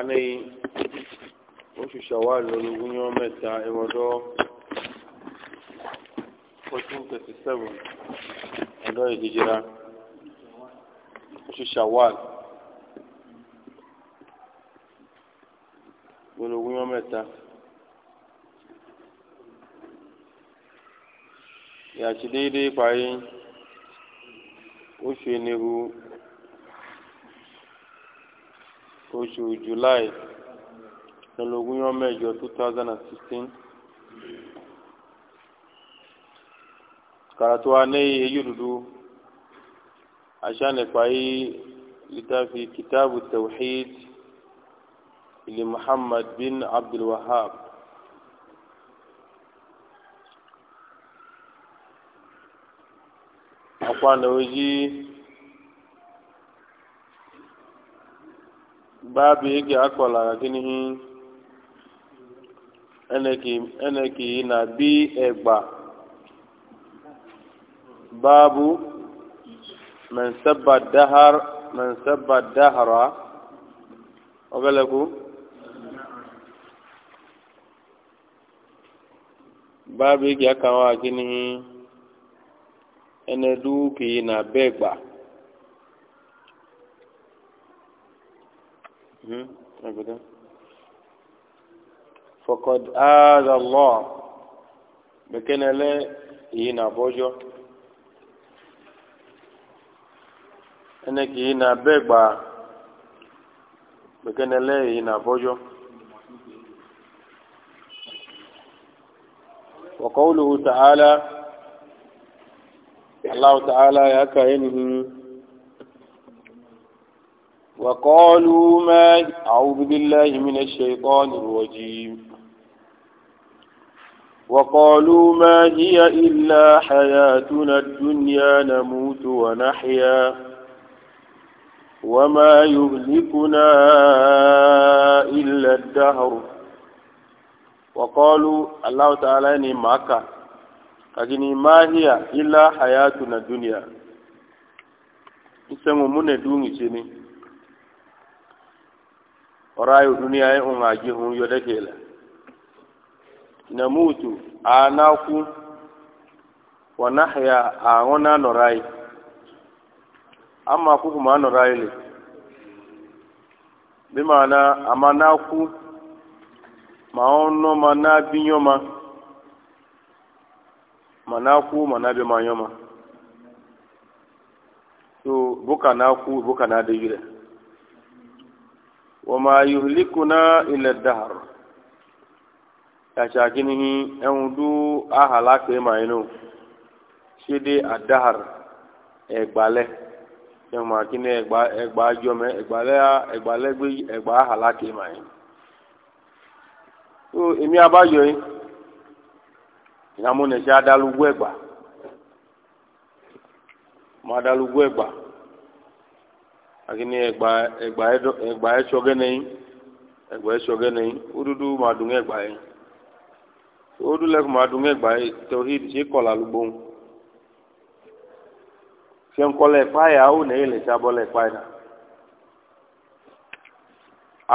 anayi oṣù ṣàwárí ológun ní wọn mẹ́ta ìwọdọ fourteen thirty seven ọdọ ìdíjìra oṣù ṣàwárí ológun ní wọn mẹ́ta ìyàtí déédéé parí oṣù ẹnìrú oṣù july ẹlòmíì ọmọ ẹjọ two thousand and sixteen. karatuwa na yi yi rudu a sha na kwayi littafi kitabu tauhid li muhammad bin abdulwahab a kwana waje baabu yake akwala kinihi eneki eneki na bi egba babu man dahar baabu yake akawa ene duki na begba Hmm, fọkọd aada lọ mekenele iyi na bọjọ eneke iyi na begba mekenele iyi na bọjọ. وقوله تعالى الله تعالى يكا ينهي وقالوا ما أعوذ بالله من الشيطان الرجيم وقالوا ما هي إلا حياتنا الدنيا نموت ونحيا وما يهلكنا إلا الدهر وقالوا الله تعالى معك kagini ما هي إلا حياتنا الدنيا نسمو من dungi warayo dunia ya un aji hun yo da kela namutu anaku wa nahya a wana norai amma ku kuma norai ne bi ma'ana amma naku ma ono ma na binyoma ma naku ma na bi ma yoma so buka naku buka na da yire وما يهلكنا إلا الدهر أشاكنه أنودو أهلاك ما ينو شدي الدهر إقباله yẹn maa kí ni ẹgbà ẹgbà jọmọ ẹgbà ẹgbà lẹgbẹ ẹgbà ahalaki ma yẹn tó èmi yìí nẹsẹ mọ akini ẹgba ẹgba ẹgba ẹtsɔ gẹnẹ yi ẹgba ẹtsɔ gẹnẹ yi wodudu ma du ŋɛ gba yi wodu lɛ ma du ŋɛ gba yi tɔhi tsi kɔla lugbo fiɛnkɔlɛ kpaya awo ne yi le tsi abɔ lɛ kpaya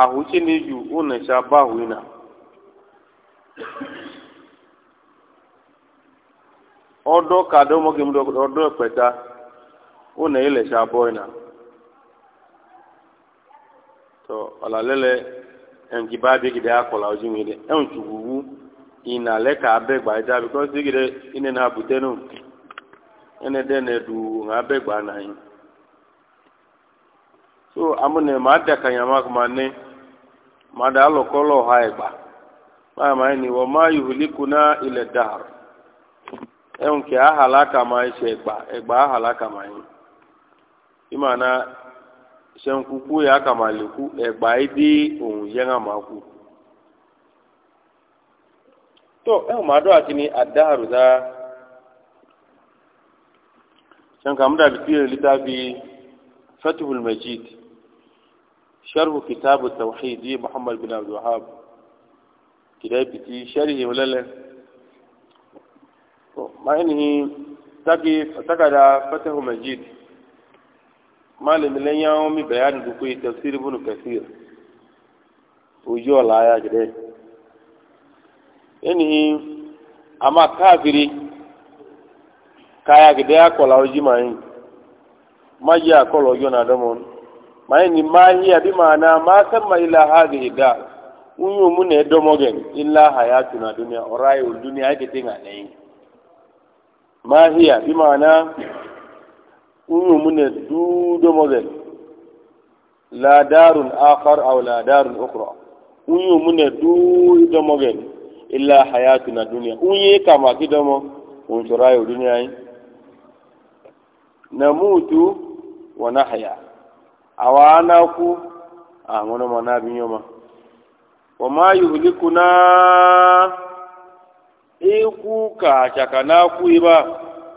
ahutsi ni dzu wo ne tsi aba ahu yina ɔdɔ ka ɖe mɔkemi ɖɔ ɔdɔ ɛkpɛta wo ne yi le tsi abɔ yina. wala lele enji baabi gide akola oji ngide enchugugu ina leka abe gba ida because digide ine na abute nu ene de ne du nga abe gba na yin so amune ma da kanya ma kuma ne ma da lo kolo ha egba ma ma ni wa ma yuhlikuna ila dahr enke ahalaka ma ise egba egba kama ma yin imana sɛnkuku ya kama leku ɛgba e yi di ohun yɛn ama ku tó ɛhùn e máa dọ́ àti ní adáhàrú dá sɛnka mu dàbí tí èlì dàbí fatihul majid sharhu kitaabu tawxiidi muhammad bin abdul kìdá bìtì sharhi wulẹlẹ tó máa ń ní takada fatihul majid malami le nyawo mi bayani du koyi tafsir ibn kathir o yo la ya gede eni ama kafiri kaya gede akola oji mai maji akola ojo na domon mai ni mahi abi mana ma samma ila hadhihi da unyu mune domogen illa hayatuna dunya orai ul dunya ake tinga nei mahi abi mana nyumune duudomogen la darun akhar aw la darun ukhra nyumune duudomogen illa hayatuna dunya unye kama kidomo unchorayo dunyai namutu wa nahya awana ku angono ah, mana binyoma wa ma yuhlikuna iku ka chakana ku iba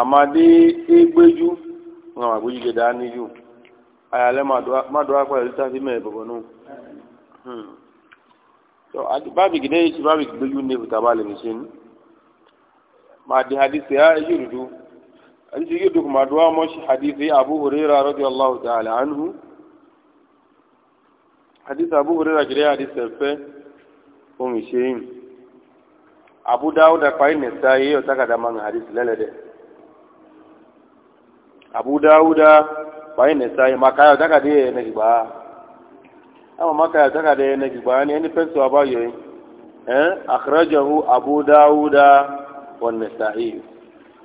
Amadi egbeju ŋa ma gbeju gɛdɛ aniju ayalɛ ma do akpa yɛ lutafi mɛ bɔbɔ nu hmm so babi gɛdɛ yi babi gbeju ne taba le ni sin ma di hadisi ya eju dudu hadisi yi duku ma do a mɔsi hadisi abu huraira rabi allahu ta'ala anhu hadisi abu huraira gɛdɛ hadisi fɛ ohun ìṣe abu dawuda kpa yi nɛ sa yi yɛ ɔtakadama ŋa hadisi lɛlɛ dɛ abu dawuda bayi ne sai makaya daga de ne gba amma makaya daga de ne gba ne ni pensu abayo eh akhrajahu abu dawuda wan nasa'i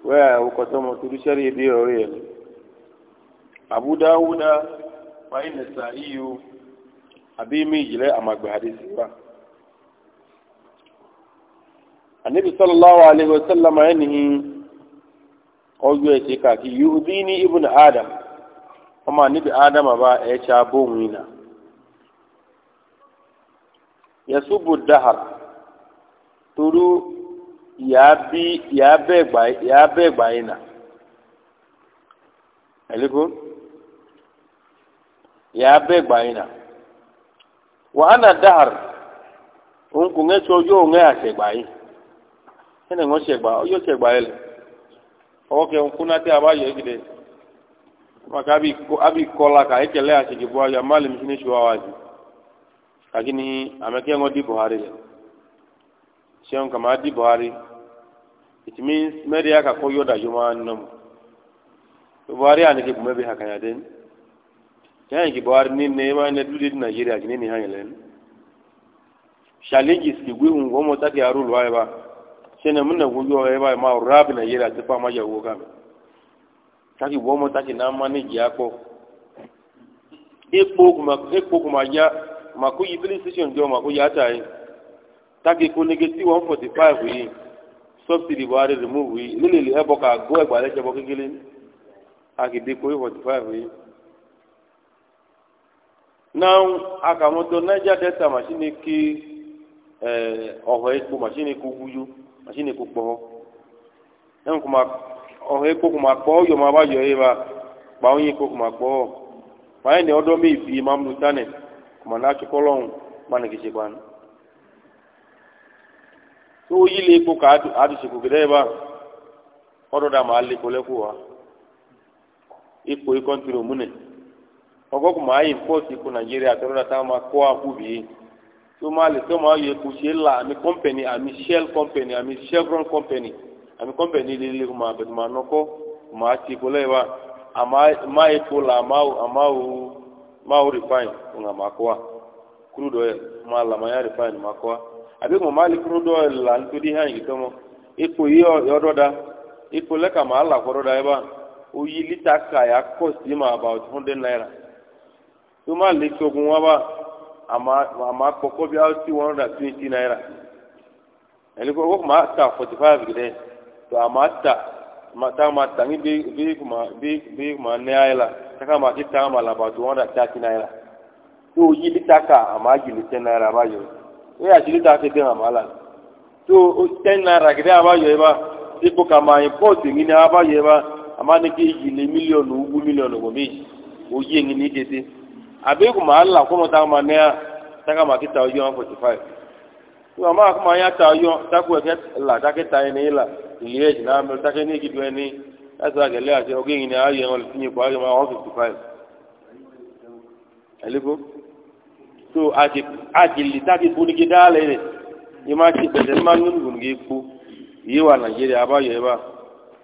wa ko to mo tudu shari bi ore abu dawuda bayi ne sai abi mi jile amagba hadisi ba annabi sallallahu alaihi wasallam yanihi ọjọ́ ẹ̀ṣẹ̀ kàkí yóò ni ní ibùn adam ọmọ níbi adam bá ẹ̀ṣẹ̀ abóhùn iná yasubu dahar toru yaabi yaabẹ́gbà yaabẹ́gbà ya ẹ̀lẹ́kọ́ gba iná wa ana dahar òun kò ń ẹ̀ṣẹ̀ ọjọ́ òun ẹ̀ àṣẹ̀gbà yìí ẹ̀ ẹ̀ ọwọ́ kẹ nkuna tẹ aba yẹ ẹgidẹ maka abi kọ abi kọla ka ekele asigi bua ya mali misini su awa ju kakini ameke ŋɔ di buhari lɛ sɛŋ kama di buhari it means mɛri aka kɔ yɔ da yoma nɔmu buhari ani ke bume bi hakanya den yɛn ki buhari ni ne ma ne duli di nigeria kini ni hanyɛ lɛ challenges ki gbe ŋun wɔmɔ ta ki aru lu ayi ba sene mun e na gunjo e ba ma rab na yira ta fama ya woga me taki wo mo taki na ma ni ya ko e po kuma e po kuma ya ma ku iblis station jo ma ku ya ta yi taki ko negative 145 yi subsidy ba re remove yi lele le e bo ka go e gba le je bo kekele ni aki de ko 45 yi now akamoto niger delta machine ki eh ọ̀họ̀ epo machine kú wúyú machine ku kpɔbɔ ɛn kuma ko kuma kpɔ ma ba yɔ ye ba kpawo yi ko kuma kpɔ maye ne ɔdɔ mi bi ma mu kuma na tsi kɔlɔn ma ne kese kwan yi le ko ka adu si ko gɛdɛ ba ɔdɔ da ma le ko lɛ ko wa ikpo e ikɔntiri e omu ne ɔgɔ kuma ayi e ko nigeria tɔrɔ da ta ma kɔ aku somali tó máa yẹ kó ṣe la àmì kọ́mpẹ̀nì àmì shell kọ́mpẹ̀nì àmì chevron kọ́mpẹ̀nì àmì kọ́mpẹ̀nì líle kò máa bẹ̀rẹ̀ máa nọ́kọ́ máa ti kó wa àmà epo la àmà o refine máa kó wa crude oil máa là máa yá refine máa kó wa àbí máa lè crude oil la nítorí hàn yìí tọ́mọ epo yìí epo lẹ́ka máa là dọ́da yẹ bá oyi lítà kàyà cost about hundred naira tó ama kpɔkɔ bi awo ti one hundred twenty naira ɛni ko kuma ta forty five gidɛ to ama ta ma ta ma ta ni bi bi kuma bi bi kuma nɛya la taka ma ti ta ma laba to one hundred thirty naira to yili ta ka ama yili ten naira a b'a yɔ e y'a yili ta ti den a ma la to ten naira gidɛ a b'a yɔ i ba ipo kama import ŋini a b'a yɔ i ba a ma ne ke yili miliyɔn ugu million o mi o ye ŋini tete abe kuma ala kuma ta ma nea ta ka ma ki ta oyo forty five kuma ma kuma ya ta oyo ta ku la ta ta ye ne la ili ye jina mi ta ke ne ki do eni agɛlɛ ase oge yi ne ayi yɛn ɔlɛ fiye ko ayi ma one fifty five ɛliko so ati ati li ta ki da ale de yi ma ti pɛtɛ ma nu nugu nugu ekpo yi wa nigeria a ba ba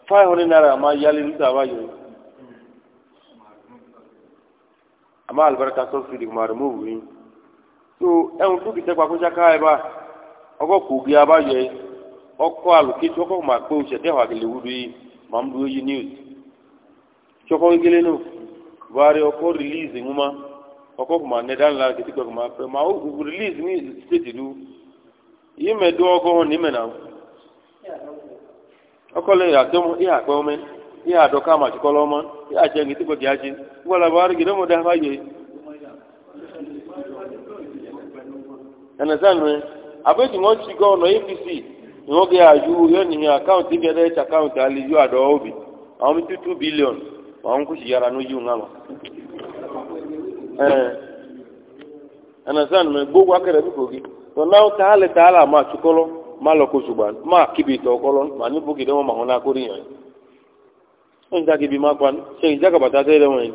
five hundred naira ma yali luta a ba yɔ ama alibarika sɔfiri di ma remove yin so ɛhun tó kìtẹ́ kpa kótsá káyé bá ɔkɔ kogi aba yɛ ɔkɔ alu kétsɔ ɔkɔ ma kpé otsɛ tɛ yi news tsɔkɔ kekele no buhari ɔkɔ release la ma ma o release ni state du yi do ni na ihe adọka ma chịkọrọ ọma ihe acha ngị tịkọ gị achị ngwala bụ arịgide mụ dị afaghị ẹnẹsẹnu abeti wọn ti gọ ọnà apc ni wọn kẹ àjù yẹnìyàn àkáǹtì kẹdẹ ẹtì àkáǹtì àlejò àdọ òbí àwọn tí two billion àwọn kò sì yára lójú ńlá lọ. ẹnẹsẹnu gbogbo akẹrẹ bí kòkí wọn náà tààlẹ sun jage bi makwan shin jaga bata sai da wani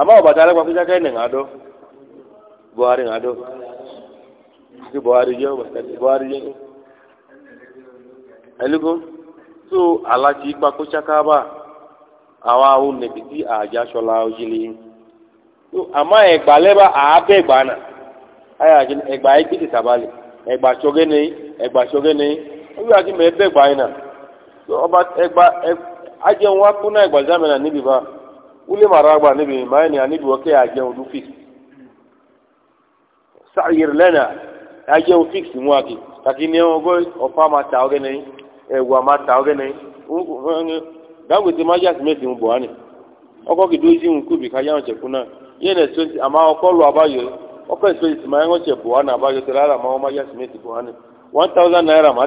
amma ba ta lagwa kuja kai nan ado buhari ado ki buhari je ba ta buhari je aligo so alaji pa ko chaka ba awa o ne bi ti aja shola ojili so ama e gba le ba a be gba na aya je e gba e bi ti sabale e gba aji me be gba ina so oba ajeŋ wa kuna gbadzame na nibi ba ule mara gba nibi ma ni anibi wo ke ajeŋ du fix sa'ir lana ajeŋ fix mu aki taki ọgọ o ma ta ni ma ta ma ja simeti mu bo ọkọ ń náà yẹn àmà ọkọ lu abáyọ ọkọ ọ̀chẹ̀ bọ̀ abáyọ tẹ̀lé bọ̀ one thousand naira mà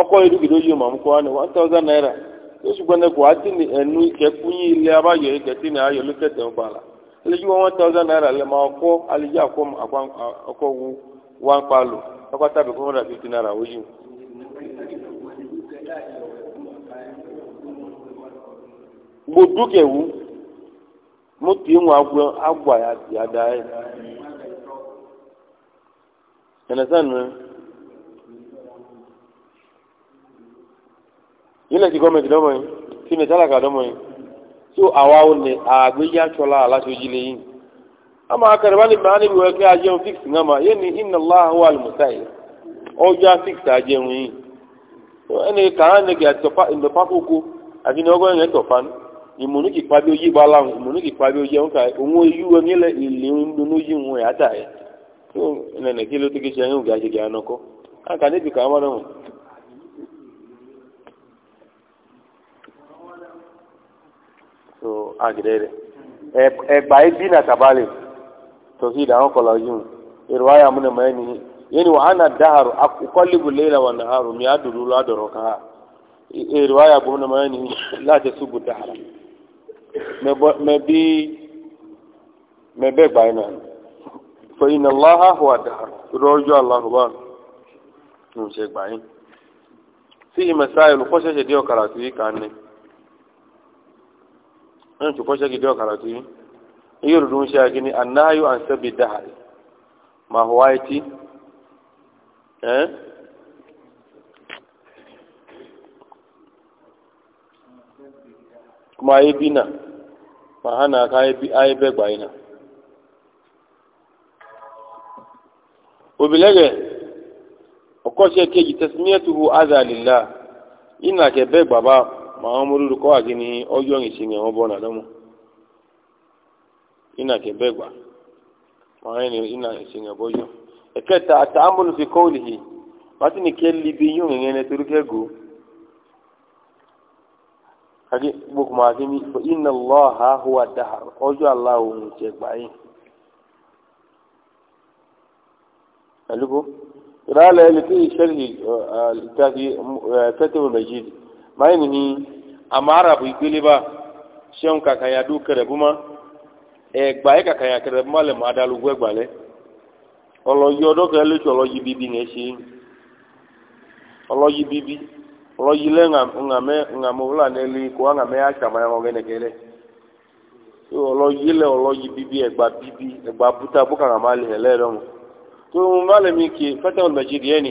ọkọ yìí dúkìá yìí màmú kọ́ wani one thousand naira lóṣù gbọ́n kò àti ní ẹnu kẹkú yín ilé abayọ̀ yìí kẹtí ní ayọ̀ ló tẹ̀tẹ̀ ọgbà la alẹ́jú wọn one thousand naira lẹ́ máa kọ́ alẹ́jú àkọ́ ọkọ̀ wu one palo ọkọ̀ tàbí four hundred fifty naira ó yìí. mo dúkìá wù mo tì í wọn agbọ agbọ àyàdá yẹ ẹnẹsẹ nù. ilẹ̀ ti gọ́ọ̀mẹ̀ntì dọ́mọ yìí tí ní tálákà dọ́mọ yìí tó àwa ò ní àgbéyà lè yìí a jẹun fix ŋa ma yé ni inna allah wa alimusayi ọjọ́ a fix a yìí ẹni ni kì í kókó àti ní la ìmùnú kì í pa bí ó jẹun ká òun yí wọn nílẹ̀ ìlẹ̀ wọn so agidere ẹgba ebi na kabali tauhid àwọn kola yun irwaya mun mai ni yani wa ana dahar aqallibu layla wa naharu mi aduru la doroka irwaya bu mun mai ni la ta subu dahar me bi me be gba ina fa inna ne in ki kwashe ki dawa karatu iya rudun shi a gini an na hayu an sabi da hari ma hawaiti eh kuma yi bina ma hana ka yi begba ina obilege ọkọ̀ṣe kejì tasmiyatuhu azalila ina ke begba ba ma mururu ko agini ojo ngi singe na domo ina kebegwa ma ina ina singe bojo eketa ta'ammul fi qawlihi wati ni kelli bi ngene turkegu hadi boku ma agini fa inna allaha huwa dahar ojo allah mu che gbayin alugo qira'ala sharhi mayin ni amara bu igbele ba seun kaka ya du kere buma egba e kaka ya kere buma le ma dalu gwe gbale oloyi odo kere le oloyi bibi ne se oloyi bibi oloyi le nga nga me la ne li ko nga me acha ma ngo gene kele oloyi le oloyi bibi egba bibi egba buta buka nga mali hele ron to mo male mi ki fatan majidi yeni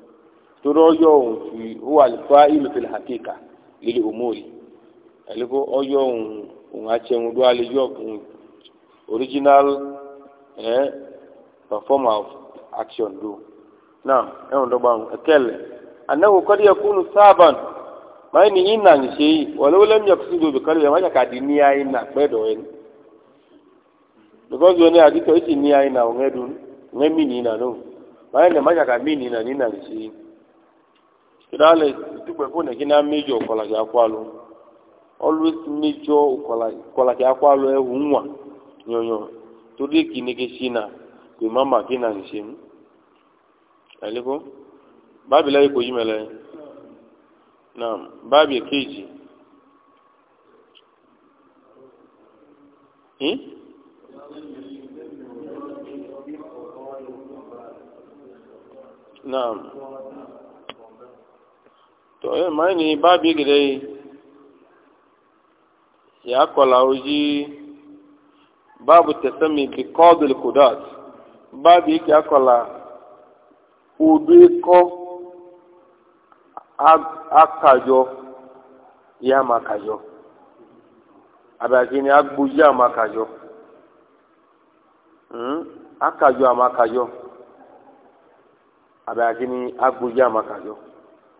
toro ọjọ́ òun fi wà lùfà ìlú fìlà àkíkà lílé òmòrì àlùkò ọjọ́ òun òun àtsẹ̀wọ̀n dó alẹ́ yọ òun original eh, performer of action do naam ẹ̀wọ̀n dọ́gba òun ẹ̀kẹ́lẹ̀ anáwó kọ́dí ẹ̀kú nu sábàn máa ní yín nà ń ṣe yìí wọ́lọ́wọ́ lẹ́mí ẹ̀kú sí ìdòbí kọ́dí ẹ̀ má ṣàkà di ní ayé nà pẹ́ dọ̀ ẹ̀ ní because wọn ní àdìtọ̀ ìsì ní ayé nà ẹ̀dùn ń mí nìyí nà máa ní ẹ̀ má ṣàkà mí nìyí ní nà ń yìí. kìlá lè dúpẹ́ fún ẹ̀kí náà méjọ kọlàkì akọ́alù always méjọ kọlàkì akọ́alù ẹ̀hù ń wà yọ̀nyọ̀ tó dé kìnnìkì sí náà pè má má kí náà nìṣe mú. ẹ̀lẹ́kọ́ na láyé kò yí to e mani babi gidai ya kola uji babu tasami bi qadil qudat babi ki akola udu ko akajo ya makajo abakini agbuja amakajo hmm? akajo ni abakini agbuja amakajo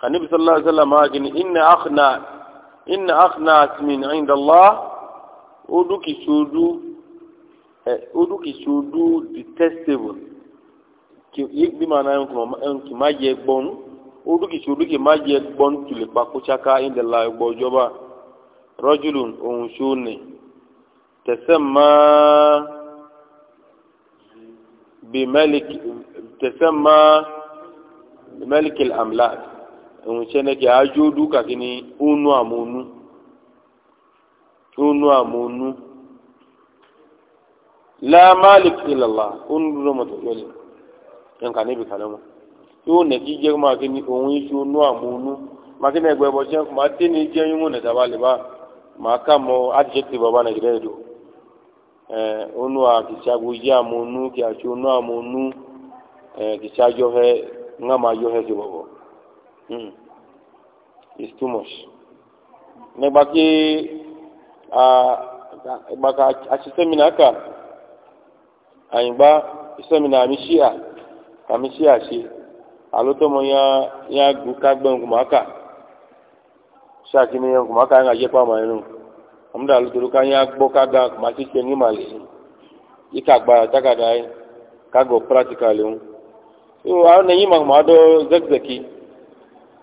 anabi sallallahu alaihi wasallam maa kini inna akhna inna akhna asmin inda allah odu kisudu eh, odu kisudu detestable ki yigbi maana nki ma jẹ gbọnu odu kisudu ki ma jẹ gbọnu tuli kpakpo tsaka inda allah gbọ jọba rọjulun ohun sóni tẹsẹ maa bimẹlik tẹsẹ maa bimẹlik amlaak. ohun chineke ajụdu ka gịnị unu amụnu unu amụnu la malik ilala unu duro mọtò lọlẹ nka níbi kan mọ yóò nà kí jẹ máa kí ni òun iṣu unu amụnu máa kí ni ẹgbẹ bọ jẹ máa tẹ ní jẹ yín wọn nà dábàá lè bá máa kà mọ adjective bàbá nàìjíríà yìí dùn ẹ a ẹ máa yọ mm. it's too much nígbà tí ìgbà kan a sẹ́mínà kà àyìnbá sẹ́mínà àmì ṣíà àmì ṣíà ṣe àlótọ́mọ yá gùn ká ya kùmáka ṣáàkiri yẹn kùmáka yẹn nụ. màá nù ka anyị agbọ ka ga ka na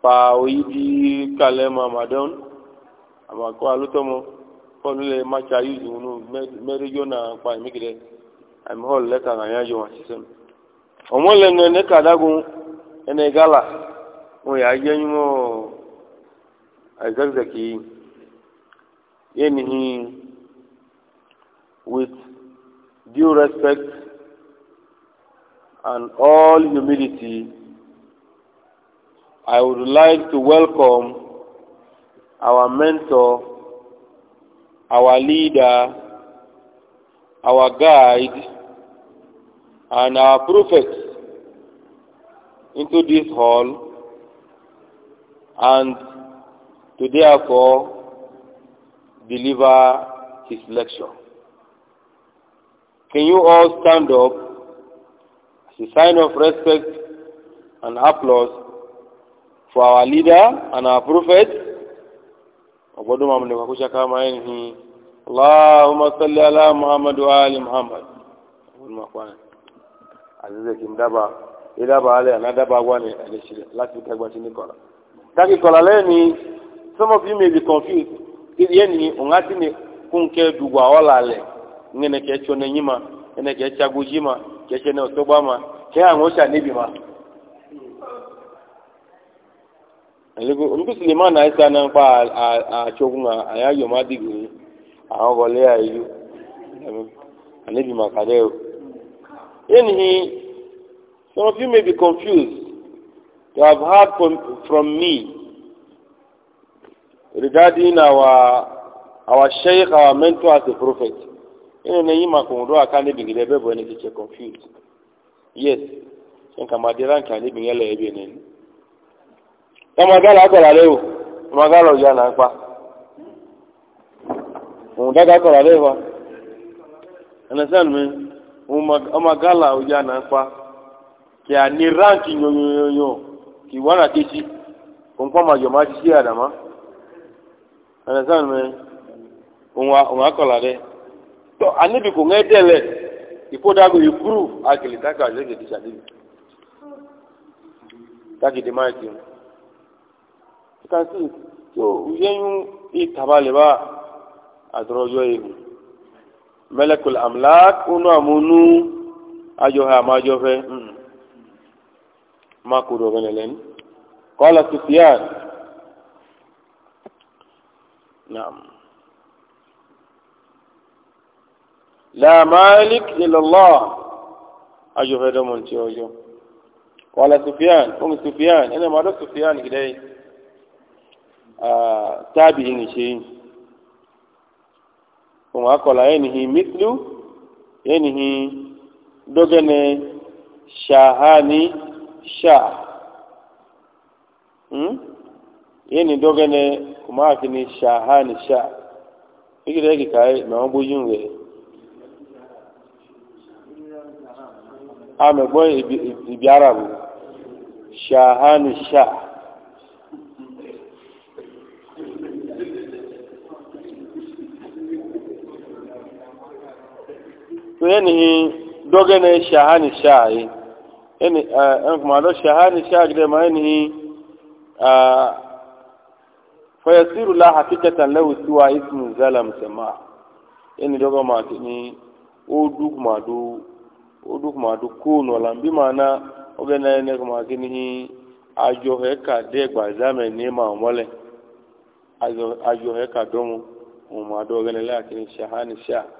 kpawo oyi di kalẹ ma madon amakọ alutọmọ kọlu lẹ matsa yi zunu mẹrẹjọ na kpa yi mikidẹ ami hɔ lɛ ka ŋanya jɔ wọn sisɛm ɔmɔ lɛ ne ɛnɛ gala wọn yà ayé nyumɔ ɛzɛkizɛki with due respect and all humility. I would like to welcome our mentor, our leader, our guide, and our prophet into this hall and to therefore deliver his lecture. Can you all stand up as a sign of respect and applause for our leader and our prophet ọgbọdọ mamu ne kwakwusa kama yin hi allahumma ala muhammad wa ali muhammad ọgbọdọ ma kwana azize kim daba idaba ale ana daba wa ala ale shire láti kagba si ni kola taki kola lẹni some of you may be confused kiri yẹn ni òun ti ne kun ma ma ma àwọn níbi ma. aligo omiku suleman na isa na nkpa achogun a anyị ayọ ma dịghị ni ahụ ọle ya anabi maka o enihi some of you may be confused You have heard from, from me regarding our our sheikh our mentor as a prophet ene na yi maka ndo aka ne bigide ebe bụ ene kiche confused yes nke ma dịra nke anyị bi nyela ebe n'elu ọmọgálà akọ̀là lé o ọmọgálà ọ̀yà là ń pa òun dága akọ̀là lé wa ẹnẹsẹ́n mi ọmọgálà ọ̀yà là ń pa kì á ní ráǹkì yonyonyo kì í wọ́n àkéjì òun kọ́ màjọ máa ṣiṣẹ́ àdàmá ẹnẹsẹ́n mi òun akọ̀là lé tọ́ aníbi kò ń ẹ́ dẹ́lẹ̀ ìkódàgò ìkúrú àgèlè dákà àjẹgèdè ṣàdébì dágèdè máa kí wọn kasi to yenyu i tabale ba adoro yo ehu melekul amlak unu amunu ajo ha ma jo fe mm. ma ku do benelen qala sufyan نعم لا مالك إلا الله أجو هذا من تيوجو قال سفيان أم سفيان أنا ما سفيان إليه tábìlì nìṣe òun akọlà ẹnìhìn mítlu ẹnìhìn dọgẹnẹ ṣàhání ṣà ẹnì dọgẹnẹ ni ṣàhání ṣà kíkìrẹ́ kìkà ẹ̀ ọ bójú ń wẹ̀. àmì gbọ́ ìbí ara mi ṣàhání ṣà. to ni doge ne shahani sha'i yani an kuma do shahani sha'i da ma yanihi fa yasiru la hakikatan lahu siwa ismu zalam sama yani dogo ma ni o duk ma do o duk ma do ko no lan bi mana o be na ne kuma kini ajo he ka de gba zame ni ma mole ajo ajo he ka domo o ma do gele la kini shahani sha'i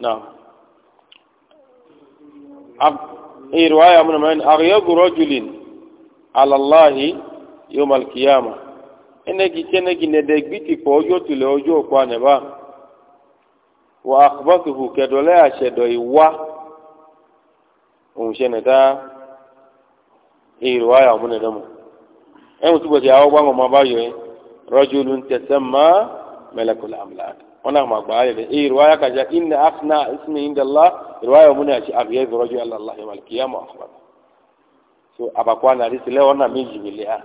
نعم هي رواية من من أغيب رجل على الله يوم القيامة إنك كنك ندقبتك تلوجو لوجو قوانبا وأخبثه كدولا أشدوي وا ومشينتا هي رواية من دمو أنا تبغى تعاوب ما بايو رجل تسمى ملك الأملاك wannan magana da eh riwaya ka ja inna afna ismi inda Allah riwaya ya ci abiyaz ya Allah yawmal qiyamah ya so abakwa na risi le wannan min jibili ha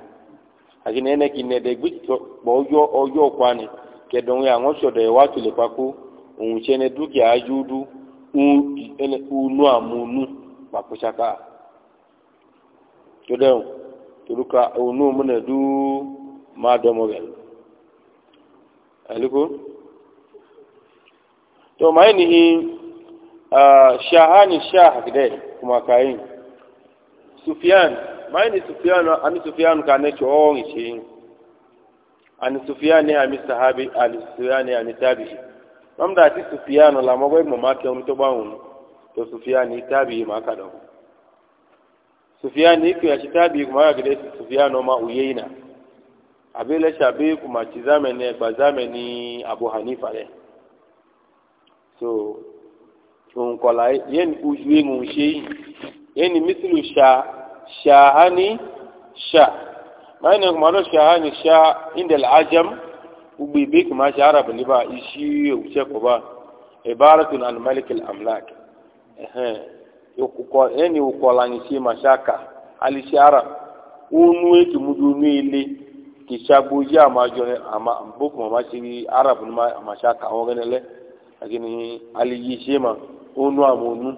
akini ene kinne de gbuto bo ojo ojo kwani ke don ya won so de watu le paku un chene dukia ajudu un ene unu amunu to to unu mun du ma gel aliko to ma ni shahani shah gidai kuma kayin sufiyan ma ainihin sufiyan ani sufiyan ka ne ci owon ishe ani sufiyan ne ami sahabi ali sufiyan ne ami tabi'i mam da ti sufiyan la mo gbe mo ma ke on to ba un to sufiyan ni tabi'i ma ka do sufiyan ni ku ya ci kuma ya gidai sufiyan ma uyaina abele shabi kuma ci zamani ba zamani abu hanifa ne so nkɔla yɛn uyue ŋun se yi ni misilu sha shahani sha maa yɛn kuma do shahani sha indel ajam ugbe be kuma sha arab ni ba isi ewusɛ ko ba ibaratun an malikil amlak ɛhɛn okukɔ yɛn ni ukɔla ni se ma sha ka ali sha arab onu eti mu do onu ele kisa gbogbo ama jɔ ama boko ma se arab ni ma ma sha wɔn gɛnɛ lɛ agini aliyi shema onu amonu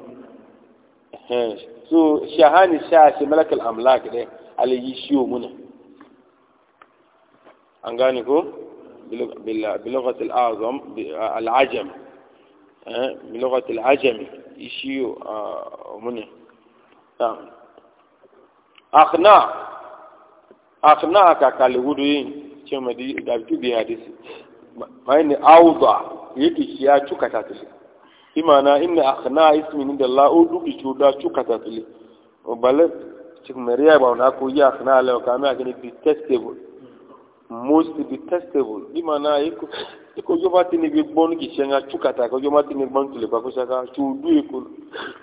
so shahani sha shi malakal amlak dai aliyi shi muna an gane ko بلغة الأعظم العجم بلغة العجم يشيو منه نعم أخنا أخنا كالغدوين كما دي دابتو بي حديث ما يعني أوضع yake ya cuka ta tili imana inna akhna ismi inda la o dubi cuda cuka ta tili o bale cik maria ba na ko ya akhna la ka ma gani detestable most detestable imana yiko ko jo mati ni gbon ki shenga cuka ta ko jo mati ni gbon tili ba ko saka cudu yiko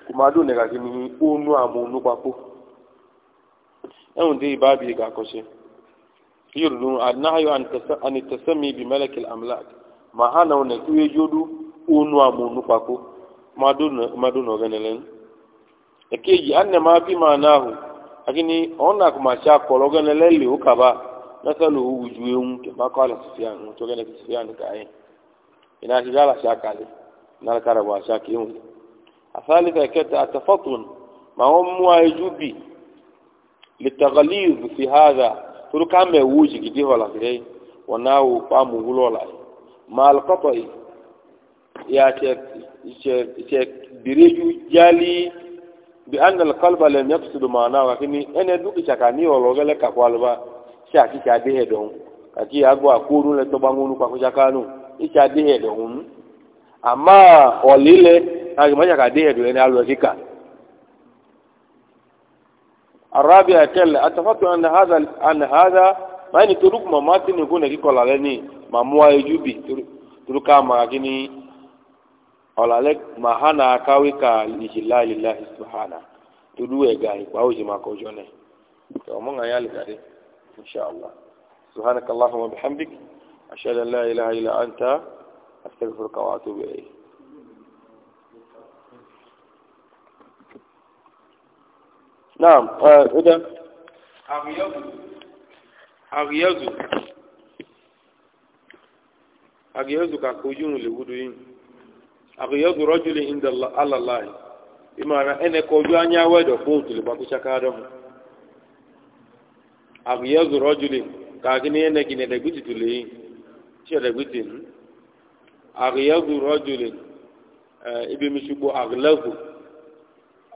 kuma do ne ka kini onu amonu pa ko ehun de ibabi ga ko se yorùdùn anáhàyò àni tẹsẹmí bíi mẹlẹkìlì amúláàdì ma ha na one kiwe jodu unu amunu pako maduna maduna ganelen ekeji anne ma bi manahu lakini ona kumasha kologene leli ukaba nasalu ujue unke makala sufyan mtogene sufyan kae ina hijala shakali na karaba shaki unke athalitha kata atafatun ma humu ajubi litaghalidh fi hadha turukame wuji kidihola kirei wanao pamu gulola maalkɔtɔi yaacɛ cɛ cɛ direju jali bi anna alqalba lam yaqsid maana lakini ene duki chaka ni ologele ka kwalba cha ki cha de don aki ago akuru le to bangunu kwa kujakanu icha de don ama olile agimanya ka de don ene alojika الرابعة كلا أتفق أن هذا أن هذا mayi ni toru kuma maa ti ne ko negi kɔla lɛ ni ma mu ayi ju bi toru ka ma kini ɔla lɛ ma hana kawe ka lihila lila subhana toru ɛga ikpa o jima kɔjɔ nɛ tɔ mo ŋa ya lika de inshallah سبحانك اللهم وبحمدك أشهد أن لا إله إلا أنت أستغفرك وأتوب إليك نعم أه aghiyazu aghiyazu ka kojun le wudu yin aghiyazu rajuli inda allah imana ene koju anya wedo ko tuli ba ku chaka do aghiyazu rajuli ka gini ene gine de guti tuli che de guti aghiyazu rajuli eh, ibi mishugo aghlazu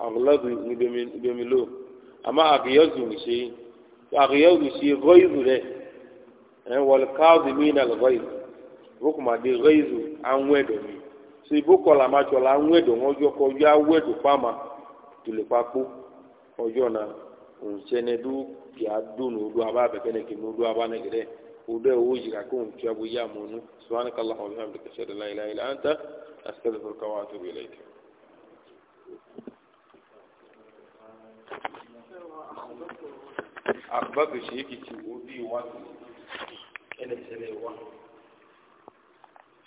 aghlazu ibi mi lo ama aghiyazu mi shei àgbéyẹ̀wò mi ṣe rọ́ìzù rẹ̀ ẹ̀ wọ̀lùkáàdì mí nà lọ́ìzù bókùmàdé rọ́ìzù àwọn ẹ̀dọ̀ mi ṣe bókọ̀lá máa tsọ̀ la àwọn ẹ̀dọ̀ wọn jọ kọjú àwọn ẹ̀dọ̀ pàmà tòlè pàkó ọjọ́ náà òǹtsẹ́nẹ́ dó kì á dónú odó abá abẹ́kẹ́nẹ́ kì ní odó abá nẹ́gẹ́dẹ́ odó ẹ̀ wò yìí kakó òǹtsí abó yá mọ́nú subhanakallahu wa bihamdika ashhadu an la ilaha illa akpa bèsè ekìtì wo bí wà ẹnìtẹ̀lẹ̀ wà.